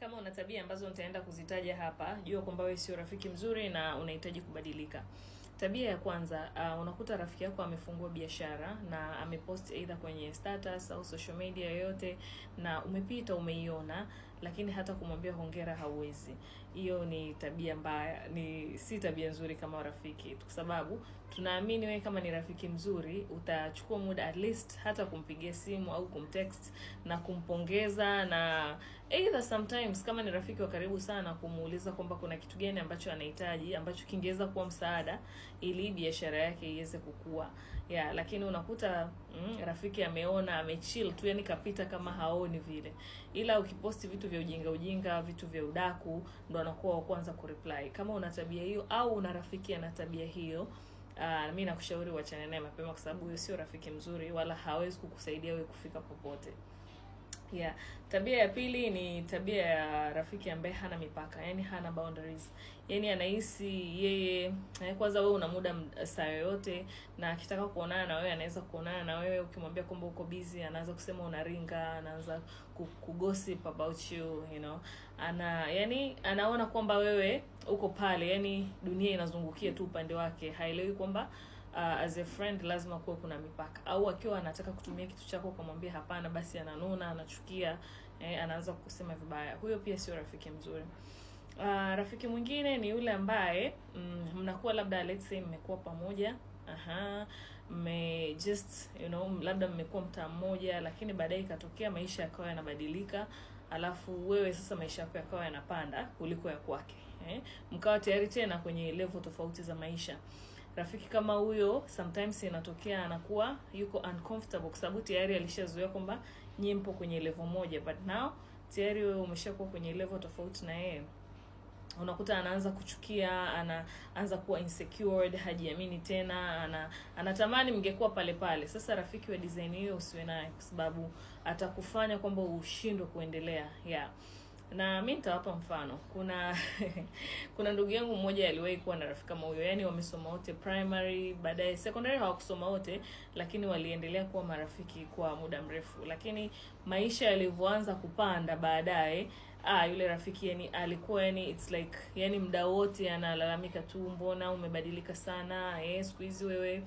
Kama una tabia ambazo nitaenda kuzitaja hapa, jua kwamba wewe sio rafiki mzuri na unahitaji kubadilika. Tabia ya kwanza, uh, unakuta rafiki yako amefungua biashara na amepost either kwenye status au social media yoyote, na umepita umeiona lakini hata kumwambia hongera hauwezi. Hiyo ni tabia mbaya, ni si tabia nzuri kama rafiki, kwa sababu tunaamini wewe kama ni rafiki mzuri utachukua muda at least hata kumpigia simu au kumtext na kumpongeza, na either sometimes kama ni rafiki wa karibu sana, kumuuliza kwamba kuna kitu gani ambacho anahitaji ambacho kingeweza kuwa msaada ili biashara yake iweze kukua. Yeah, lakini unakuta mm, rafiki ameona amechill tu, yani kapita kama haoni vile, ila ukiposti vitu vitu vya ujinga ujinga, vitu vya udaku, ndo anakuwa wa kwanza kureply. Kama una tabia hiyo au una rafiki ana tabia hiyo, uh, mi nakushauri uachane naye mapema, kwa sababu huyo sio rafiki mzuri, wala hawezi kukusaidia wewe kufika popote yeah. Tabia ya pili ni tabia ya rafiki ambaye hana mipaka, yani hana boundaries, yani anahisi yeye eh, kwanza, wewe una muda saa yoyote, na akitaka kuonana na wewe anaweza kuonana na wewe. Ukimwambia kwamba uko busy, anaanza kusema unaringa, anaanza kugossip about you, you know, ana yani anaona kwamba wewe uko pale, yani dunia inazungukia tu upande wake, haelewi kwamba uh, as a friend lazima kuwe kuna mipaka, au akiwa anataka kutumia kitu chako ukamwambia hapana, basi ananuna, anachukia, eh, anaanza kusema vibaya, huyo pia sio rafiki mzuri. Uh, rafiki mwingine ni yule ambaye mm, mnakuwa labda let's say mmekuwa pamoja aha, me just you know, labda mmekuwa mtaa mmoja, lakini baadaye ikatokea maisha yakawa yanabadilika, alafu wewe sasa maisha yako yakawa yanapanda kuliko ya kwake eh, mkawa tayari tena kwenye level tofauti za maisha rafiki kama huyo sometimes inatokea anakuwa yuko uncomfortable kwa sababu tayari alishazoea kwamba nyie mpo kwenye level moja, but now tayari wewe umeshakuwa kwenye level tofauti na yeye. Unakuta anaanza kuchukia, anaanza kuwa insecured, hajiamini tena, ana, anatamani mngekuwa pale pale. Sasa rafiki wa design hiyo usiwe naye, kwa sababu atakufanya kwamba ushindwe kuendelea yeah na mi nitawapa mfano. Kuna kuna ndugu yangu mmoja aliwahi kuwa na rafiki kama huyo, yaani wamesoma wote primary, baadaye secondary hawakusoma wote, lakini waliendelea kuwa marafiki kwa muda mrefu. Lakini maisha yalivyoanza kupanda baadaye, ah, yule rafiki yani alikuwa yani it's like yani mda wote analalamika tu, mbona umebadilika sana eh, siku hizi wewe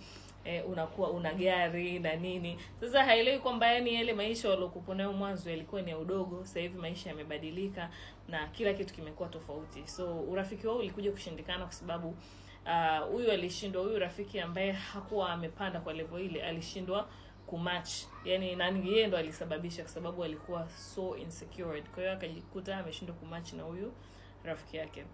eh, unakuwa una gari na nini. Sasa haelewi kwamba yani yale maisha waliokupa nayo mwanzo yalikuwa ni ya udogo, sasa hivi maisha yamebadilika na kila kitu kimekuwa tofauti. So urafiki wao ulikuja kushindikana kwa sababu ah, huyu uh, alishindwa, huyu rafiki ambaye hakuwa amepanda kwa level ile alishindwa kumatch, yani nani, yeye ndo alisababisha, kwa sababu alikuwa so insecure, kwa hiyo akajikuta ameshindwa kumatch na huyu rafiki yake.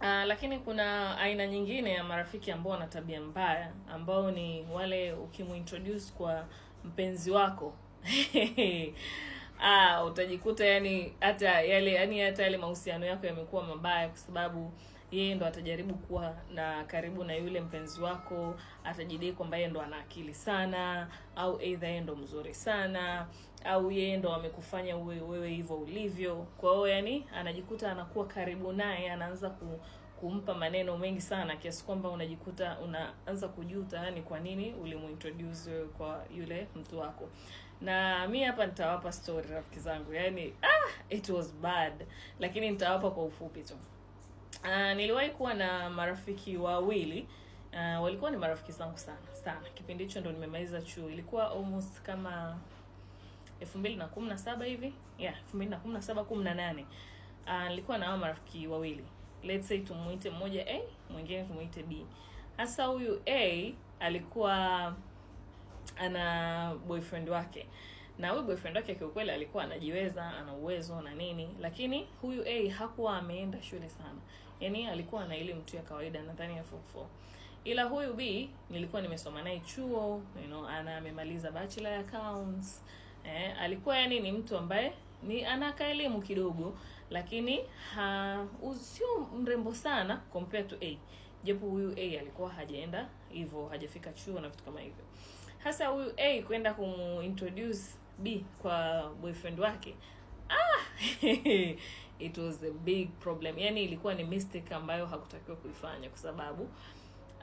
Uh, lakini kuna aina nyingine ya marafiki ambao wana tabia mbaya ambao ni wale ukimuintroduce kwa mpenzi wako ah, utajikuta yani hata yale yani hata yale mahusiano yako yamekuwa mabaya kwa sababu yeye ndo atajaribu kuwa na karibu na yule mpenzi wako, atajidai kwamba yeye ndo ana akili sana, au aidha yeye ndo mzuri sana, au yeye ndo amekufanya uwe wewe hivyo ulivyo. Kwa hiyo, yani anajikuta anakuwa karibu naye, anaanza ku kumpa maneno mengi sana kiasi kwamba unajikuta unaanza kujuta, ni kwa nini ulimuintroduce kwa yule mtu wako. Na mi hapa nitawapa story rafiki zangu, yani ah, it was bad, lakini nitawapa kwa ufupi tu. Uh, niliwahi kuwa na marafiki wawili uh, walikuwa ni marafiki zangu sana sana. Kipindi hicho ndo nimemaliza chuo, ilikuwa almost kama elfu mbili na kumi na saba hivi yeah, elfu mbili na kumi na saba kumi na nane uh, nilikuwa na hao marafiki wawili, let's say tumuite mmoja A mwingine tumuite B. Hasa huyu A alikuwa ana boyfriend wake na huyu boyfriend wake kiukweli alikuwa anajiweza, ana uwezo na nini, lakini huyu A hakuwa ameenda shule sana yani alikuwa na ile mtu ya kawaida nadhani ya form four, ila huyu B nilikuwa nimesoma naye chuo you know, ana amemaliza bachelor accounts eh, alikuwa yani ni mtu ambaye ni anaka elimu kidogo, lakini ha sio mrembo sana compared to A, japo huyu A alikuwa hajaenda hivyo, hajafika chuo na vitu kama hivyo. Hasa huyu A kwenda kumintroduce B kwa boyfriend wake ah it was a big problem. Yani ilikuwa ni mistake ambayo hakutakiwa kuifanya kwa sababu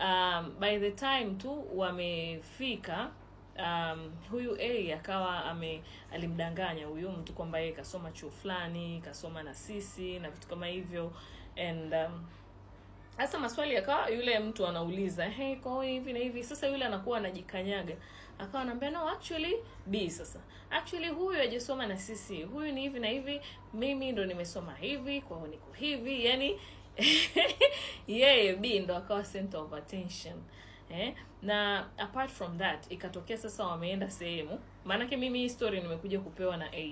um, by the time tu wamefika um, huyu A akawa ame alimdanganya huyu mtu kwamba yeye kasoma chuo fulani, kasoma na sisi na vitu kama hivyo and um, sasa maswali yakawa, yule mtu anauliza hey, kwa hivi na hivi. Sasa yule anakuwa anajikanyaga, akawa anaambia no actually B. Sasa actually huyu hajasoma na sisi, huyu ni hivi na hivi, mimi ndo nimesoma hivi, kwa hiyo niko hivi, yani yeye yeah, B ndo akawa center of attention eh? Na apart from that ikatokea sasa wameenda sehemu, maanake mimi hii story nimekuja kupewa na A.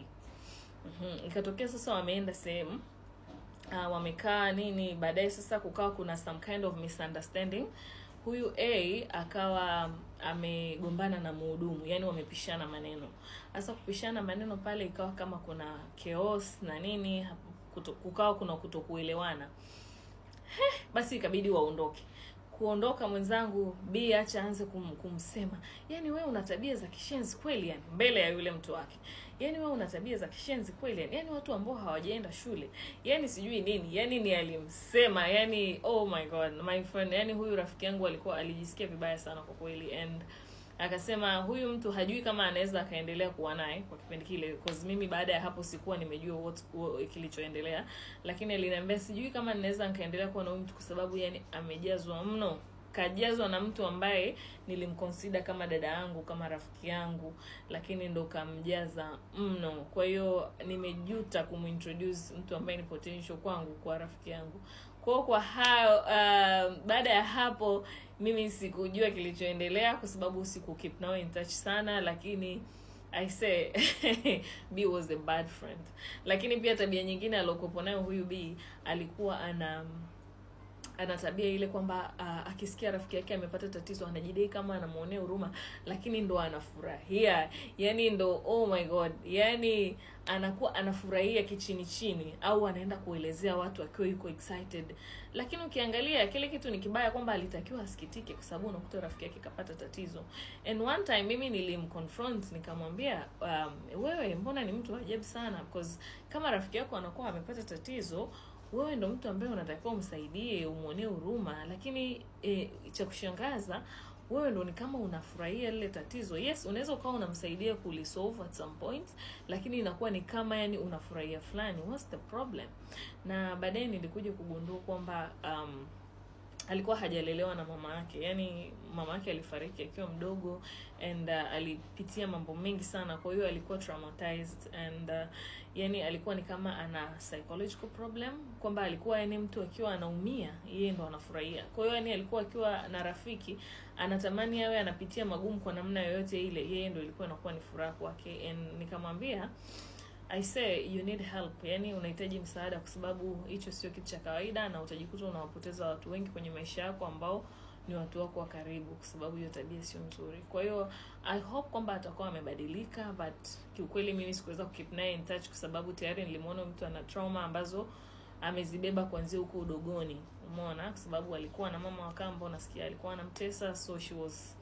mm -hmm. Ikatokea sasa wameenda sehemu uh, wamekaa nini, baadaye sasa kukawa kuna some kind of misunderstanding. Huyu A akawa amegombana na mhudumu, yani wamepishana maneno. hasa kupishana maneno pale ikawa kama kuna chaos na nini, kuto, kukawa kuna kutokuelewana. basi ikabidi waondoke kuondoka mwenzangu, bi acha aanze kum, kumsema, yaani wewe una tabia za kishenzi kweli, yani mbele ya yule mtu wake, yaani wewe una tabia za kishenzi kweli, yani yani watu ambao hawajaenda shule, yani sijui nini, yani ni alimsema, yani oh my god my friend, yani huyu rafiki yangu alikuwa alijisikia vibaya sana kwa kweli and akasema huyu mtu hajui kama anaweza akaendelea kuwa naye kwa kipindi kile, cause mimi baada ya hapo sikuwa nimejua what kilichoendelea, lakini aliniambia sijui kama ninaweza nikaendelea kuwa na huyu mtu kwa sababu yani amejazwa mno kajazwa na mtu ambaye nilimconsider kama dada yangu kama rafiki yangu, lakini ndo kamjaza mno. Kwa hiyo nimejuta kumintroduce mtu ambaye ni potential kwangu kwa rafiki yangu. Kwa hiyo kwa hayo uh, baada ya hapo mimi sikujua kilichoendelea kwa sababu siku keep now in touch sana, lakini I say B was a bad friend, lakini pia tabia nyingine aliokuwa nayo huyu B alikuwa ana ana tabia ile kwamba uh, akisikia rafiki yake amepata tatizo anajidai kama anamuonea huruma, lakini ndo anafurahia yani, ndo oh my god, yani anakuwa anafurahia kichini chini, au anaenda kuelezea watu akiwa yuko excited. Lakini ukiangalia kile kitu ni kibaya, kwamba alitakiwa asikitike, kwa sababu unakuta rafiki yake kapata tatizo. And one time mimi nilimconfront nikamwambia, um, wewe mbona ni mtu wa ajabu sana, because kama rafiki yako anakuwa amepata tatizo wewe ndo mtu ambaye unatakiwa umsaidie, umwonee huruma, lakini e, cha kushangaza wewe ndo ni kama unafurahia lile tatizo. Yes, unaweza ukawa unamsaidia kulisolve at some point, lakini inakuwa ni kama yani unafurahia fulani. What's the problem? Na baadaye nilikuja kugundua kwamba um, alikuwa hajalelewa na mama yake, yani mama yake alifariki akiwa mdogo and uh, alipitia mambo mengi sana, kwa hiyo alikuwa traumatized and uh, yani alikuwa ni kama ana psychological problem kwamba alikuwa yani mtu akiwa anaumia yeye ndo anafurahia. Kwa hiyo yani alikuwa akiwa na rafiki anatamani awe anapitia magumu kwa namna yoyote ile, yeye ndo ilikuwa inakuwa ni furaha kwake, and nikamwambia I say you need help, yani unahitaji msaada, kwa sababu hicho sio kitu cha kawaida, na utajikuta unawapoteza watu wengi kwenye maisha yako ambao ni watu wako wa karibu, kwa sababu hiyo tabia sio nzuri. Kwa hiyo I hope kwamba atakuwa amebadilika, but kiukweli mimi sikuweza kukeep naye in touch kwa sababu tayari nilimwona mtu ana trauma ambazo amezibeba kuanzia huko udogoni, umeona, kwa sababu alikuwa na mama wa kambo, nasikia alikuwa anamtesa, so she was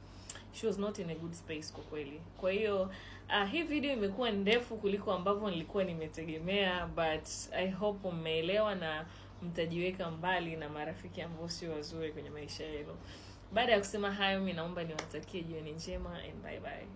she was not in a good space kwa kweli. Kwa hiyo uh, hii video imekuwa ndefu kuliko ambavyo nilikuwa nimetegemea, but I hope mmeelewa na mtajiweka mbali na marafiki ambao sio wazuri kwenye maisha yenu. Baada ya kusema hayo, mi naomba niwatakie jioni njema and bye bye.